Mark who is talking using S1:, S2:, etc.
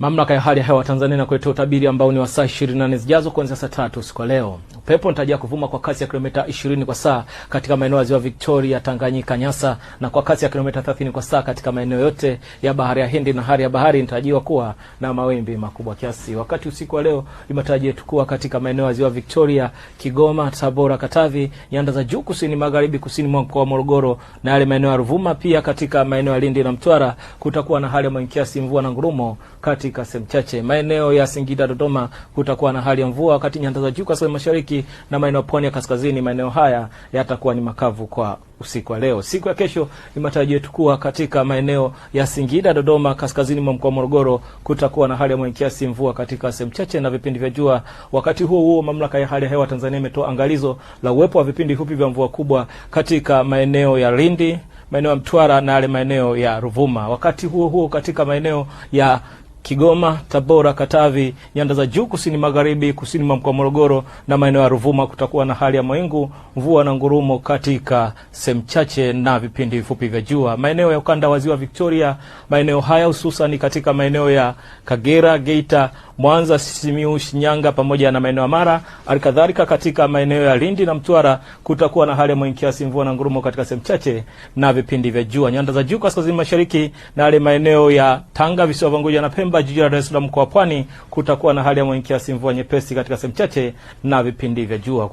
S1: Mamlaka ya hali ya hewa Tanzania inakuletea utabiri ambao ni wa saa 24 zijazo kuanzia saa tatu usiku leo. Pepo inatarajia kuvuma kwa kasi ya kilomita 20 kwa saa katika maeneo ya ziwa Victoria, Tanganyika, Nyasa na kwa kasi ya kilomita 30 kwa saa katika maeneo yote ya bahari ya Hindi na hali ya bahari inatarajiwa kuwa na mawimbi makubwa kiasi. Wakati usiku wa leo imetarajiwa kuwa katika maeneo ya ziwa Victoria, Kigoma, Tabora, Katavi, nyanda za juu kusini magharibi, kusini mwa mkoa wa Morogoro na yale maeneo ya Ruvuma, pia katika maeneo ya Lindi na Mtwara kutakuwa na hali ya mawingu kiasi, mvua na ngurumo katika sehemu chache. Maeneo ya Singida, Dodoma kutakuwa na hali ya mvua, wakati nyanda za juu kusini mashariki na maeneo pwani ya kaskazini, maeneo haya yatakuwa ni makavu kwa usiku wa leo. Siku ya kesho ni matarajio yetu kuwa katika maeneo ya Singida, Dodoma, kaskazini mwa mkoa wa Morogoro kutakuwa na hali ya mwenye kiasi, mvua katika sehemu chache na vipindi vya jua. Wakati huo huo, mamlaka ya hali ya hewa Tanzania imetoa angalizo la uwepo wa vipindi fupi vya mvua kubwa katika maeneo ya Lindi, maeneo ya Mtwara na yale maeneo ya Ruvuma. Wakati huo huo, katika maeneo ya Kigoma, Tabora, Katavi, nyanda za juu kusini magharibi, kusini mwa mkoa Morogoro na maeneo ya Ruvuma kutakuwa na hali ya mawingu, mvua na ngurumo katika sehemu chache na vipindi vifupi vya jua. Maeneo ya ukanda wa ziwa Victoria, maeneo haya hususan katika maeneo ya Kagera, Geita Mwanza, simiu Shinyanga pamoja na maeneo ya Mara. Halikadhalika katika maeneo ya Lindi na Mtwara kutakuwa na hali ya kiasi, mvua na ngurumo katika sehemu chache na vipindi vya jua. Nyanda za juu kaskazini mashariki na yale maeneo ya Tanga, visiwa vya Unguja na Pemba, jiji la Dar es Salaam mkoa wa Pwani kutakuwa na hali ya mwenkiasi, mvua nyepesi katika sehemu chache na vipindi vya jua.